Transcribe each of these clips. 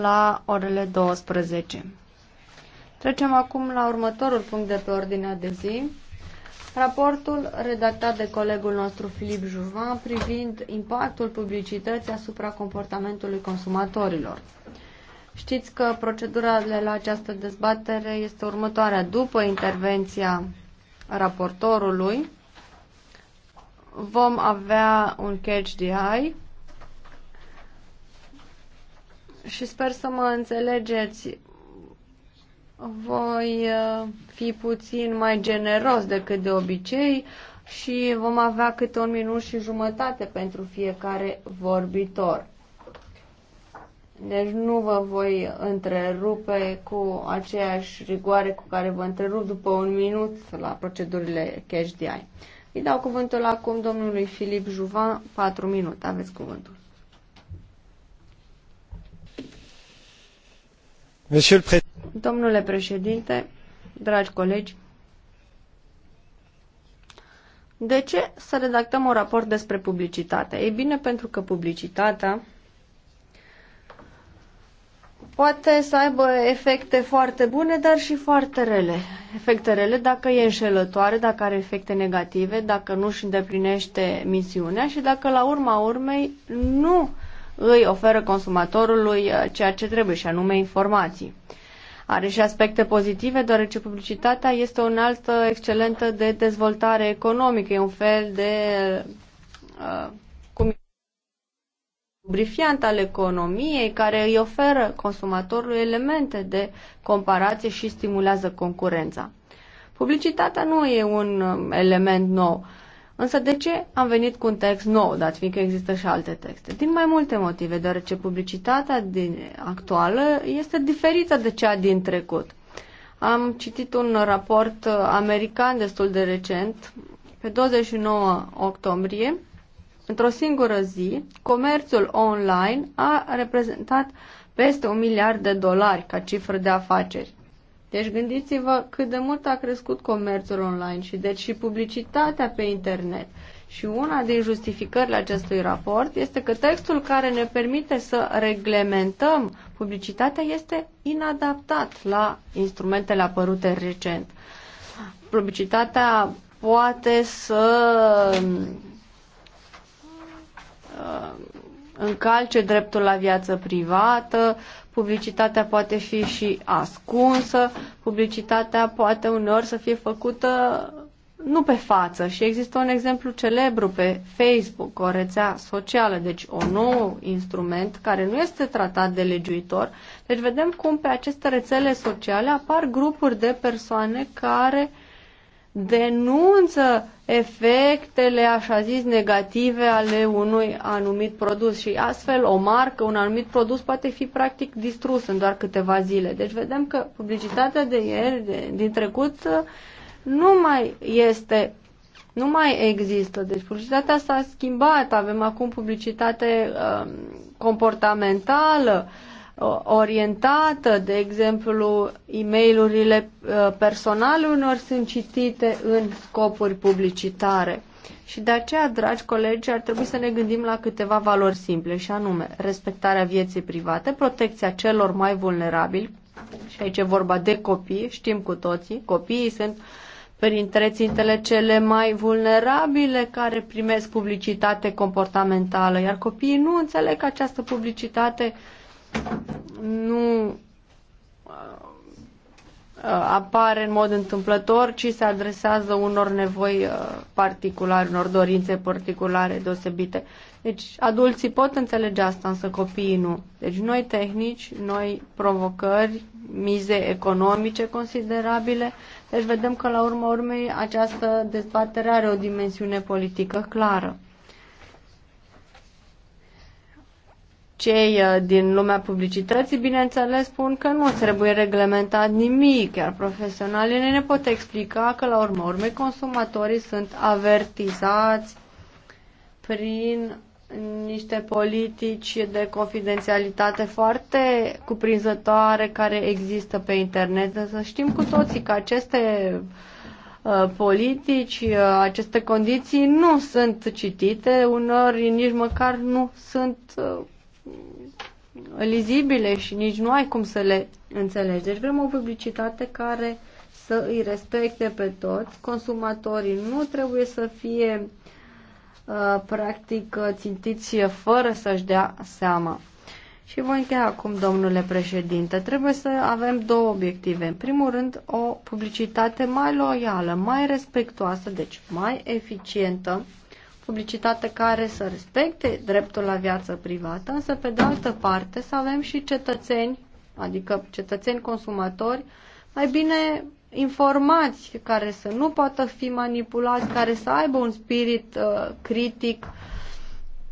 la orele 12. Trecem acum la următorul punct de pe ordinea de zi. Raportul redactat de colegul nostru Filip Jurvan privind impactul publicității asupra comportamentului consumatorilor. Știți că procedura de la această dezbatere este următoarea. După intervenția raportorului, vom avea un catch the eye și sper să mă înțelegeți, voi uh, fi puțin mai generos decât de obicei și vom avea câte un minut și jumătate pentru fiecare vorbitor. Deci nu vă voi întrerupe cu aceeași rigoare cu care vă întrerup după un minut la procedurile cash DI. Îi dau cuvântul acum domnului Filip Juvan, 4 minute. Aveți cuvântul. Domnule președinte, dragi colegi, de ce să redactăm un raport despre publicitate? Ei bine, pentru că publicitatea poate să aibă efecte foarte bune, dar și foarte rele. Efecte rele dacă e înșelătoare, dacă are efecte negative, dacă nu își îndeplinește misiunea și dacă la urma urmei nu îi oferă consumatorului uh, ceea ce trebuie și anume informații. Are și aspecte pozitive, deoarece publicitatea este o altă excelentă de dezvoltare economică, e un fel de uh, cum lubrifiant al economiei care îi oferă consumatorului elemente de comparație și stimulează concurența. Publicitatea nu e un um, element nou. Uh, Însă de ce am venit cu un text nou, dat fiindcă există și alte texte? Din mai multe motive, deoarece publicitatea din, actuală este diferită de cea din trecut. Am citit un raport american destul de recent, pe 29 octombrie, într-o singură zi, comerțul online a reprezentat peste un miliard de dolari ca cifră de afaceri. Deci gândiți-vă cât de mult a crescut comerțul online și deci și publicitatea pe internet. Și una din justificările acestui raport este că textul care ne permite să reglementăm publicitatea este inadaptat la instrumentele apărute recent. Publicitatea poate să uh, încalce dreptul la viață privată, publicitatea poate fi și ascunsă, publicitatea poate uneori să fie făcută nu pe față și există un exemplu celebru pe Facebook, o rețea socială, deci un nou instrument care nu este tratat de legiuitor. Deci vedem cum pe aceste rețele sociale apar grupuri de persoane care uh, denunță efectele așa zis negative ale unui anumit produs și astfel o marcă, un anumit produs poate fi practic distrus în doar câteva zile. Deci vedem că publicitatea de ieri, de, din trecut, nu mai este, nu mai există. Deci publicitatea s-a schimbat, avem acum publicitate uh, comportamentală, uh, orientată, de exemplu, e mail uh, personale unor sunt citite în scopuri publicitare. Și de aceea, dragi colegi, ar trebui să ne gândim la câteva valori simple, și anume respectarea vieții private, protecția celor mai vulnerabili, și aici e vorba de copii, știm cu toții, copiii sunt printre țintele cele mai vulnerabile care primesc publicitate comportamentală, iar copiii nu înțeleg că această publicitate uh, nu uh, apare în mod întâmplător, ci se adresează unor nevoi uh, particulare, unor dorințe particulare deosebite. Deci adulții pot înțelege asta, însă copiii nu. Deci noi tehnici, noi provocări, mize economice considerabile, deci vedem că la urma urmei această dezbatere are o dimensiune politică clară. cei uh, din lumea publicității, bineînțeles, spun că nu trebuie reglementat nimic, iar profesionalii ne pot explica că, la urmă urmei, consumatorii sunt avertizați prin niște politici de confidențialitate foarte cuprinzătoare care există pe internet. Să știm cu toții că aceste uh, politici, uh, aceste condiții nu sunt citite, unor nici măcar nu sunt lizibile și nici nu ai cum să le înțelegi. Deci vrem o publicitate care să îi respecte pe toți. Consumatorii nu trebuie să fie uh, practic uh, țintiți fără să-și dea seama. Și voi încheia acum, domnule președinte. Trebuie să avem două obiective. În primul rând, o publicitate mai loială, mai respectoasă, deci mai eficientă publicitate care să respecte dreptul la viață privată, însă pe de altă parte să avem și cetățeni, adică cetățeni consumatori, mai bine informați, care să nu poată fi manipulați, care să aibă un spirit uh, critic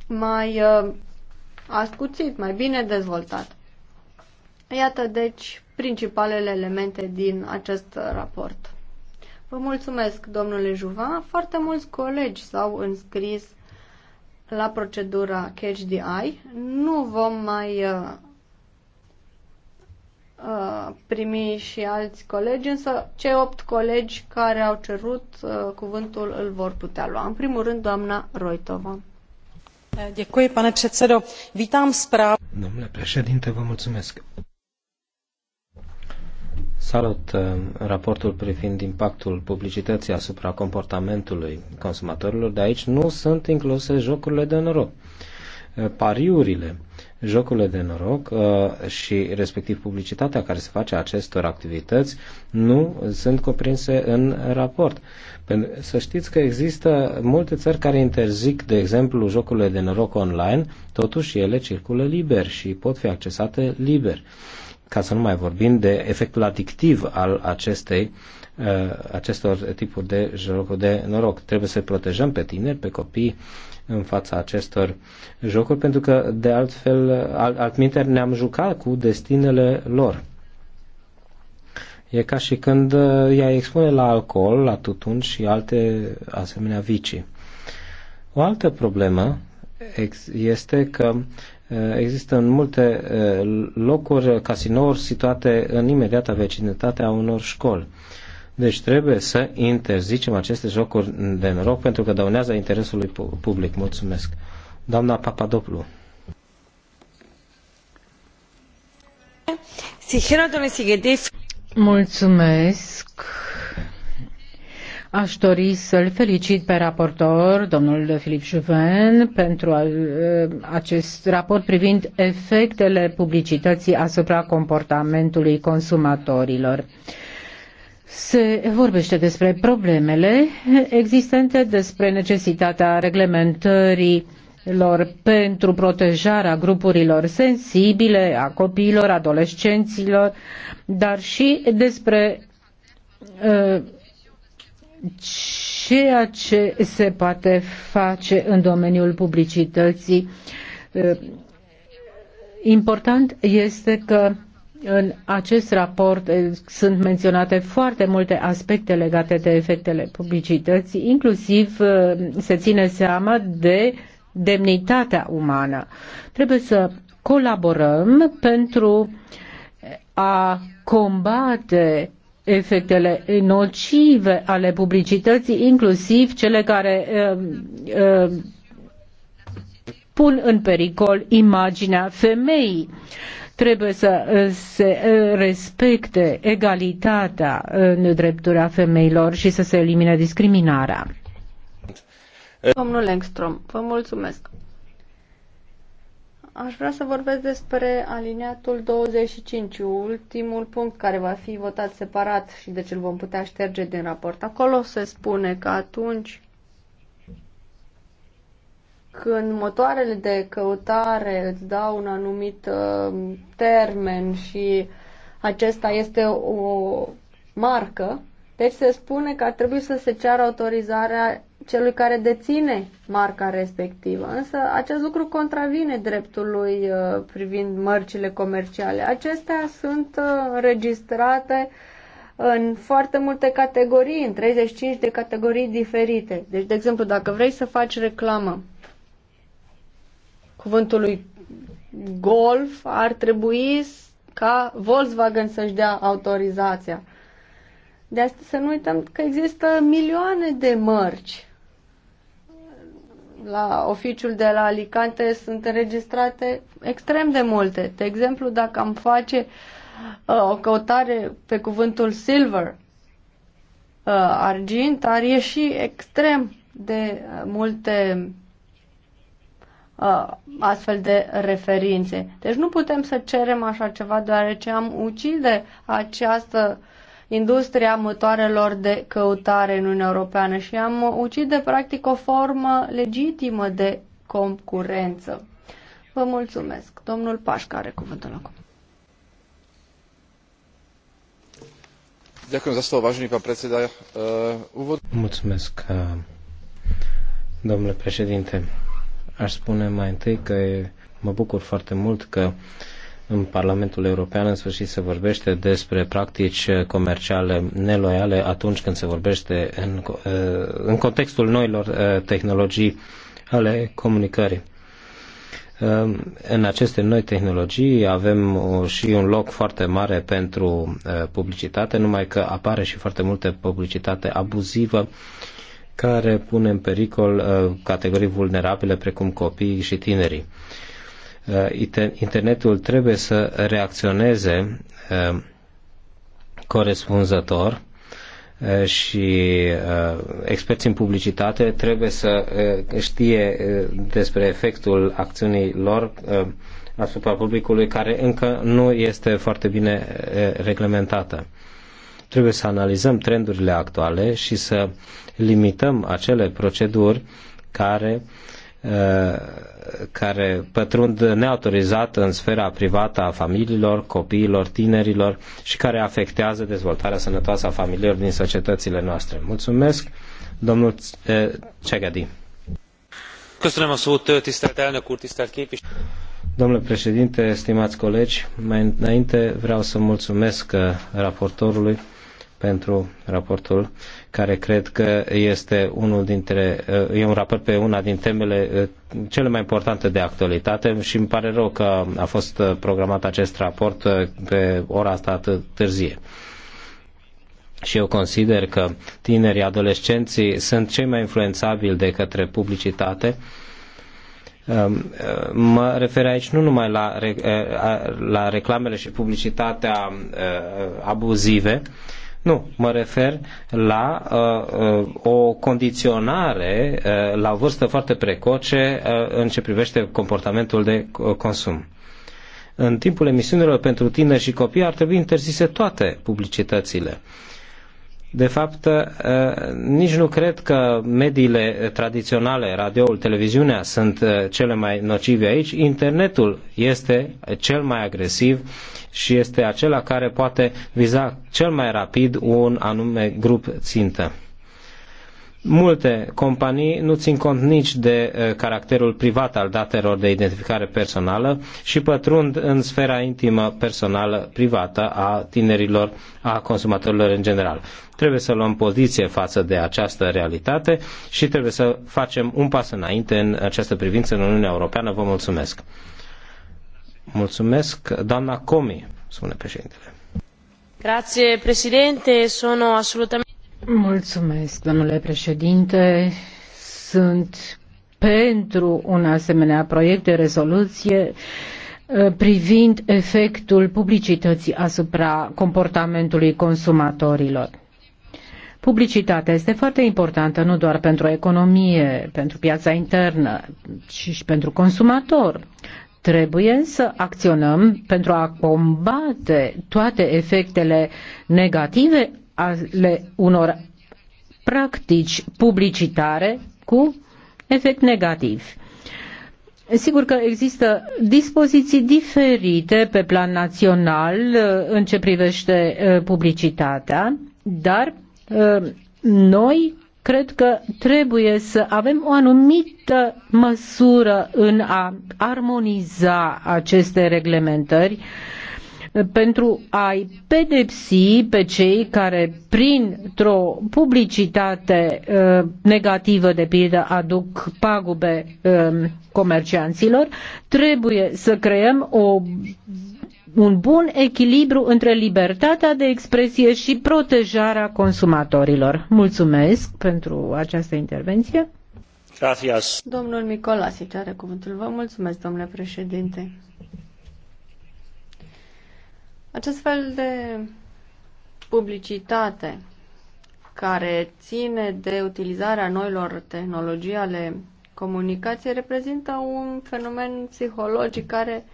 mai uh, ascuțit, mai bine dezvoltat. Iată, deci, principalele elemente din acest uh, raport. Vă mulțumesc, domnule Juvan. Foarte mulți colegi s-au înscris la procedura Catch the Eye. Nu vom mai uh, uh, primi și alți colegi, însă cei opt colegi care au cerut uh, cuvântul îl vor putea lua. În primul rând, doamna Roitova. Děkuji, pane předsedo. Vítám zprávu. Domnule președinte, vă mulțumesc. Salut uh, raportul privind impactul publicității asupra comportamentului consumatorilor, de aici nu sunt incluse jocurile de noroc. Uh, pariurile, jocurile de noroc uh, și respectiv publicitatea care se face acestor activități nu sunt cuprinse în raport. Să știți că există multe țări care interzic, de exemplu, jocurile de noroc online, totuși ele circulă liber și pot fi accesate liber ca să nu mai vorbim de efectul adictiv al acestei, uh, acestor tipuri de jocuri de noroc. Trebuie să protejăm pe tineri, pe copii în fața acestor jocuri, pentru că de altfel, alt, altminteri, ne-am jucat cu destinele lor. E ca și când uh, ea expune la alcool, la tutun și alte asemenea vicii. O altă problemă este că Există în multe locuri casinouri situate în imediata vecinătate a unor școli. Deci trebuie să interzicem aceste jocuri de noroc pentru că dăunează interesului public. Mulțumesc. Doamna Papadoplu. Mulțumesc. Aș dori să-l felicit pe raportor, domnul Filip Juven, pentru uh, acest raport privind efectele publicității asupra comportamentului consumatorilor. Se vorbește despre problemele existente, despre necesitatea reglementării lor pentru protejarea grupurilor sensibile, a copiilor, adolescenților, dar și despre uh, ceea ce se poate face în domeniul publicității. Uh, important este că în acest raport eh, sunt menționate foarte multe aspecte legate de efectele publicității, inclusiv eh, se ține seama de demnitatea umană. Trebuie să colaborăm pentru a combate efectele nocive ale publicității, inclusiv cele care uh, uh, pun în pericol imaginea femeii. Trebuie să uh, se uh, respecte egalitatea în drepturile femeilor și să se elimine discriminarea. Domnul Engstrom, vă mulțumesc. Aș vrea să vorbesc despre aliniatul 25, ultimul punct care va fi votat separat și de ce îl vom putea șterge din raport. Acolo se spune că atunci când motoarele de căutare îți dau un anumit uh, termen și acesta este o marcă, deci se spune că ar trebui să se ceară autorizarea celui care deține marca respectivă. Însă acest lucru contravine dreptului uh, privind mărcile comerciale. Acestea sunt uh, înregistrate în foarte multe categorii, în 35 de categorii diferite. Deci, de exemplu, dacă vrei să faci reclamă cuvântului golf, ar trebui ca Volkswagen să-și dea autorizația. De asta să nu uităm că există milioane de mărci la oficiul de la Alicante sunt înregistrate extrem de multe. De exemplu, dacă am face uh, o căutare pe cuvântul silver, uh, argint, ar ieși extrem de uh, multe uh, astfel de referințe. Deci nu putem să cerem așa ceva, deoarece am ucide această uh, industria motoarelor de căutare în Uniunea Europeană și am ucide practic o formă legitimă de concurență. Vă mulțumesc. Domnul Pașca are cuvântul acum. Mulțumesc, domnule președinte. Aș spune mai întâi că mă bucur foarte mult că în Parlamentul European în sfârșit se vorbește despre practici comerciale neloiale atunci când se vorbește în, eh, în contextul noilor eh, tehnologii ale comunicării. Ehm, în aceste noi tehnologii avem și un loc foarte mare pentru eh, publicitate, numai că apare și foarte multe publicitate abuzivă care pune în pericol categorii vulnerabile precum copiii și tinerii Uh, internetul trebuie să reacționeze uh, corespunzător uh, și experții în publicitate trebuie să știe despre efectul acțiunii lor asupra publicului care încă nu este foarte bine reglementată. Trebuie să analizăm trendurile actuale și să limităm acele proceduri care uh, Uh, care pătrund neautorizat în sfera privată a familiilor, copiilor, tinerilor și care afectează dezvoltarea sănătoasă a familiilor din societățile noastre. Mulțumesc, domnul uh, Cegadi. Köszönöm a szót, Domnule președinte, stimați colegi, mai înainte vreau să mulțumesc uh, raportorului pentru raportul care cred că este unul dintre, uh, e un raport pe una din temele uh, cele mai importante de actualitate și îmi pare rău că a fost uh, programat acest raport pe ora asta atât târzie. Și eu consider că tinerii adolescenții sunt cei mai influențabili de către publicitate um, Mă refer aici nu numai la, la reclamele și publicitatea abuzive, nu, mă refer la uh, uh, o condiționare uh, la o vârstă foarte precoce uh, în ce privește comportamentul de uh, consum. În timpul emisiunilor pentru tineri și copii ar trebui interzise toate publicitățile. Uh, de fapt, uh, nici nu cred că mediile tradiționale, radioul, televiziunea, sunt uh, cele mai nocive aici. Internetul este cel mai agresiv și este acela care poate viza cel mai rapid un anume grup țintă. Multe companii nu țin cont nici de uh, caracterul privat al datelor de identificare personală și pătrund în sfera intimă personală privată a tinerilor, a consumatorilor în general. Trebuie să luăm poziție față de această realitate și trebuie să facem un pas înainte în această privință în Uniunea Europeană. Vă mulțumesc. Mulțumesc, doamna Comi, spune președintele. Grazie, președinte. Sono absolutamente Mulțumesc, domnule președinte. Sunt pentru un asemenea proiect de rezoluție eh, privind efectul publicității asupra comportamentului consumatorilor. Publicitatea este foarte importantă nu doar pentru economie, pentru piața internă, ci și pentru consumator. Trebuie să acționăm pentru a combate toate efectele negative ale unor practici publicitare cu efect negativ. Sigur că există dispoziții diferite pe plan național uh, în ce privește uh, publicitatea, dar uh, noi cred că trebuie să avem o anumită măsură în a armoniza aceste reglementări pentru a-i pedepsi pe cei care printr-o publicitate uh, negativă de pildă aduc pagube um, comercianților, trebuie să creăm o un bun echilibru între libertatea de expresie și protejarea consumatorilor. Mulțumesc pentru această intervenție. Gracias. Domnul Nicolasi, are cuvântul. Vă mulțumesc, domnule președinte. Acest fel de publicitate care ține de utilizarea noilor tehnologii ale comunicației reprezintă un fenomen psihologic care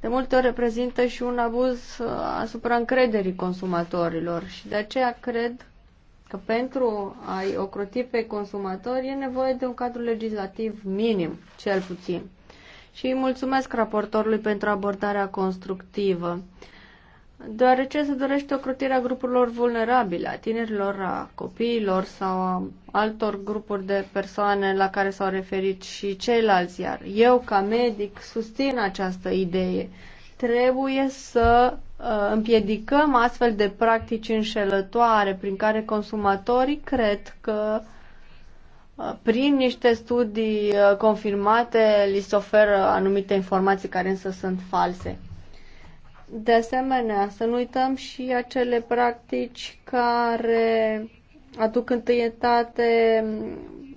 de multe ori reprezintă și un abuz uh, asupra încrederii consumatorilor și de aceea cred că pentru a-i ocroti pe consumatori e nevoie de un cadru legislativ minim, cel puțin. Și îi mulțumesc raportorului pentru abordarea constructivă deoarece se dorește o crotire a grupurilor vulnerabile, a tinerilor, a copiilor sau a altor grupuri de persoane la care s-au referit și ceilalți. Iar eu, ca medic, susțin această idee. Trebuie să uh, împiedicăm astfel de practici înșelătoare prin care consumatorii cred că uh, prin niște studii uh, confirmate li se oferă anumite informații care însă sunt false. De asemenea, să nu uităm și acele practici care aduc întâietate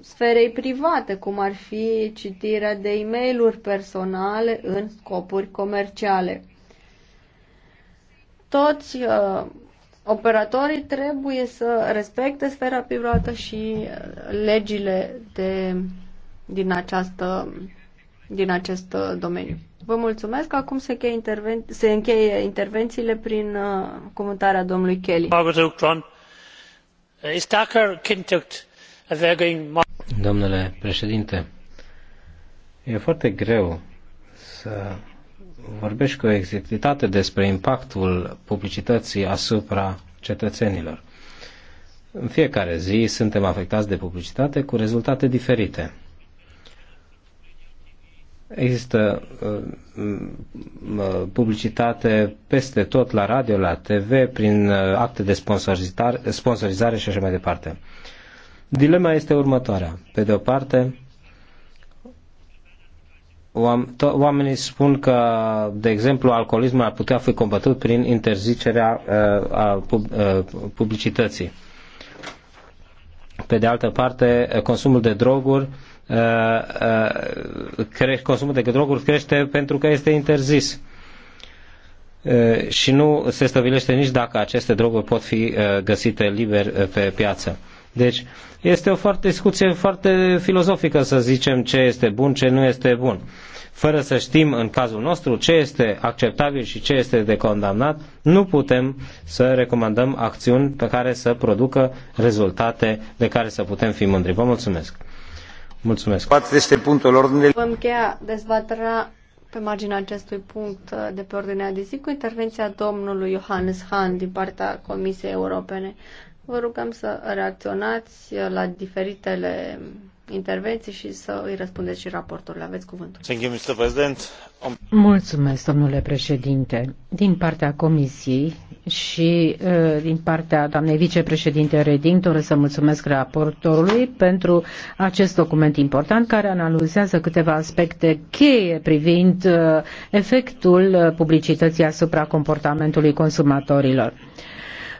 sferei private, cum ar fi citirea de e mail personale în scopuri comerciale. Toți uh, operatorii trebuie să respecte sfera privată și uh, legile de, din, această, din acest domeniu. Vă mulțumesc. Acum se încheie, interven... se încheie intervențiile prin uh, comentarea domnului Kelly. Uh, uh, Domnule președinte, e foarte greu să vorbești cu exactitate despre impactul publicității asupra cetățenilor. În fiecare zi suntem afectați de publicitate cu rezultate diferite. Există uh, publicitate peste tot, la radio, la TV, prin uh, acte de sponsorizare, și așa mai departe. Dilema este următoarea. Pe de o parte, oamenii spun că, de exemplu, alcoolismul ar putea fi combătut prin interzicerea uh, a publicității. Pe de altă parte, consumul de droguri Uh, uh, consumul de droguri crește pentru că este interzis uh, și nu se stabilește nici dacă aceste droguri pot fi găsite liber pe piață. Deci este o foarte discuție foarte filozofică să zicem ce este bun, ce nu este bun. Fără să știm în cazul nostru ce este acceptabil și ce este de condamnat, nu putem să recomandăm acțiuni pe care să producă rezultate de care să putem fi mândri. Vă mulțumesc! Mulțumesc. Este punctul ordine. Vom încheia dezbaterea pe marginea acestui punct de pe ordinea de zi cu intervenția domnului Johannes Hahn din partea Comisiei Europene. Vă rugăm să reacționați la diferitele intervenții și să îi răspundeți și raporturile. Aveți cuvântul. Mulțumesc, domnule președinte. Din partea Comisiei și uh, din partea doamnei vicepreședinte Reding doresc să mulțumesc raportorului pentru acest document important care analizează câteva aspecte cheie privind uh, efectul uh, publicității asupra comportamentului consumatorilor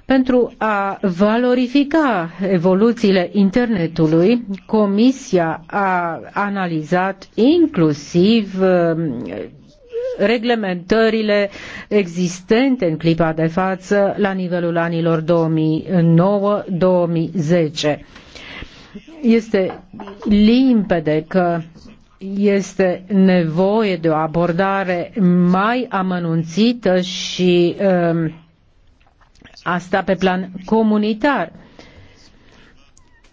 pentru a valorifica evoluțiile internetului, Comisia a analizat inclusiv reglementările existente în clipa de față la nivelul anilor 2009-2010. Este limpede că este nevoie de o abordare mai amănunțită și uh, asta pe plan comunitar.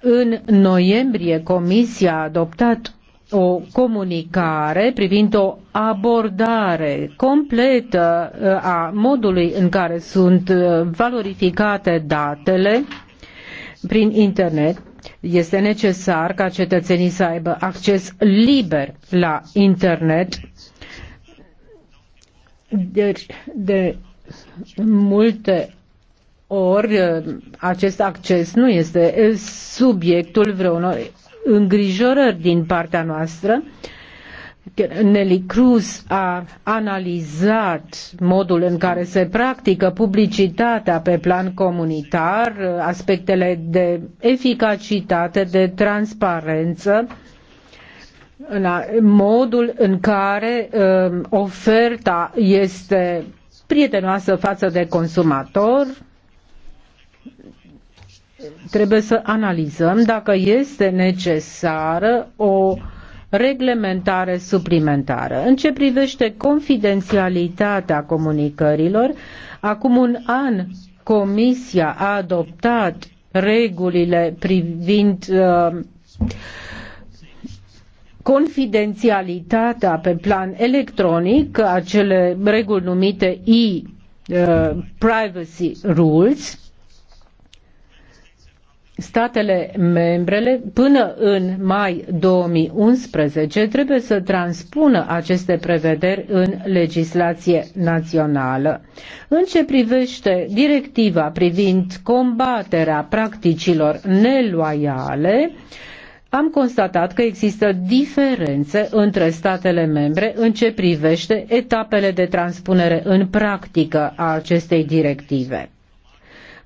În noiembrie Comisia a adoptat o comunicare privind o abordare completă uh, a modului în care sunt uh, valorificate datele prin internet. Este necesar ca cetățenii să aibă acces liber la internet. Deci, de multe ori uh, acest acces nu este subiectul vreunor îngrijorări din partea noastră. Nelly Cruz a analizat modul în care se practică publicitatea pe plan comunitar, aspectele de eficacitate, de transparență, modul în care um, oferta este prietenoasă față de consumator, trebuie să analizăm dacă este necesară o reglementare suplimentară. În ce privește confidențialitatea comunicărilor, acum un an Comisia a adoptat regulile privind uh, confidențialitatea pe plan electronic, acele reguli numite e-privacy uh, rules, statele membrele până în mai 2011 trebuie să transpună aceste prevederi în legislație națională. În ce privește directiva privind combaterea practicilor neloiale, am constatat că există diferențe între statele membre în ce privește etapele de transpunere în practică a acestei directive.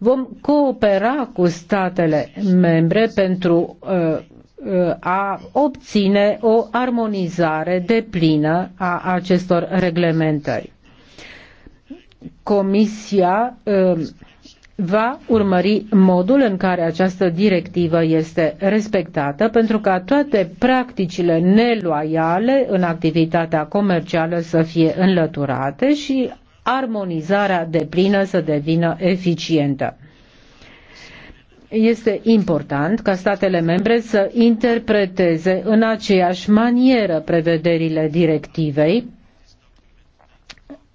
Vom coopera cu statele membre pentru uh, uh, a obține o armonizare deplină a acestor reglementări. Comisia uh, va urmări modul în care această directivă este respectată pentru ca toate practicile neloiale în activitatea comercială să fie înlăturate și armonizarea plină să devină eficientă este important ca statele membre să interpreteze în aceeași manieră prevederile directivei,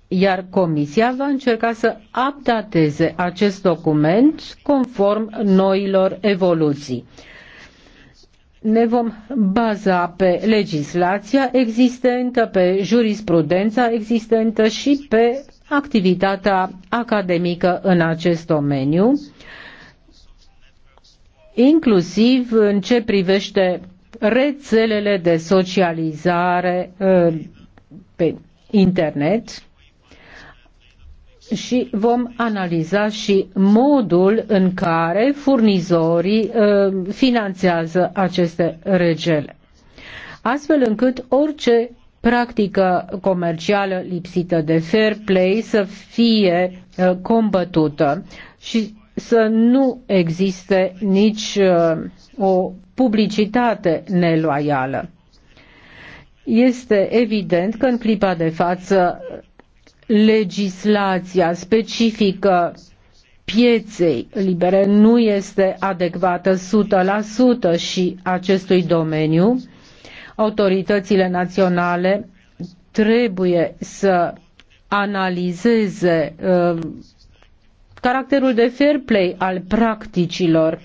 iar Comisia va încerca să updateze acest document conform noilor evoluții. Ne vom baza pe legislația existentă, pe jurisprudența existentă și pe activitatea academică în acest domeniu, inclusiv în ce privește rețelele de socializare uh, pe internet și vom analiza și modul în care furnizorii uh, finanțează aceste regele astfel încât orice practică comercială lipsită de fair play să fie uh, combătută și să nu existe nici uh, o publicitate neloială. Este evident că în clipa de față legislația specifică pieței libere nu este adecvată 100% și acestui domeniu autoritățile naționale trebuie să analizeze uh, caracterul de fair play al practicilor,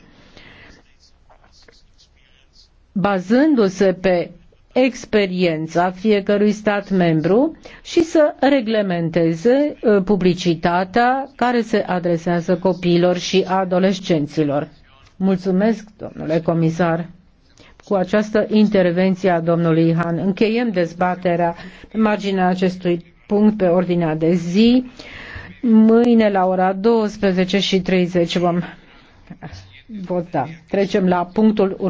bazându-se pe experiența fiecărui stat membru și să reglementeze uh, publicitatea care se adresează copiilor și adolescenților. Mulțumesc, domnule comisar cu această intervenție a domnului Han. Încheiem dezbaterea pe marginea acestui punct pe ordinea de zi. Mâine la ora 12 și 30 vom vota. Trecem la punctul următor.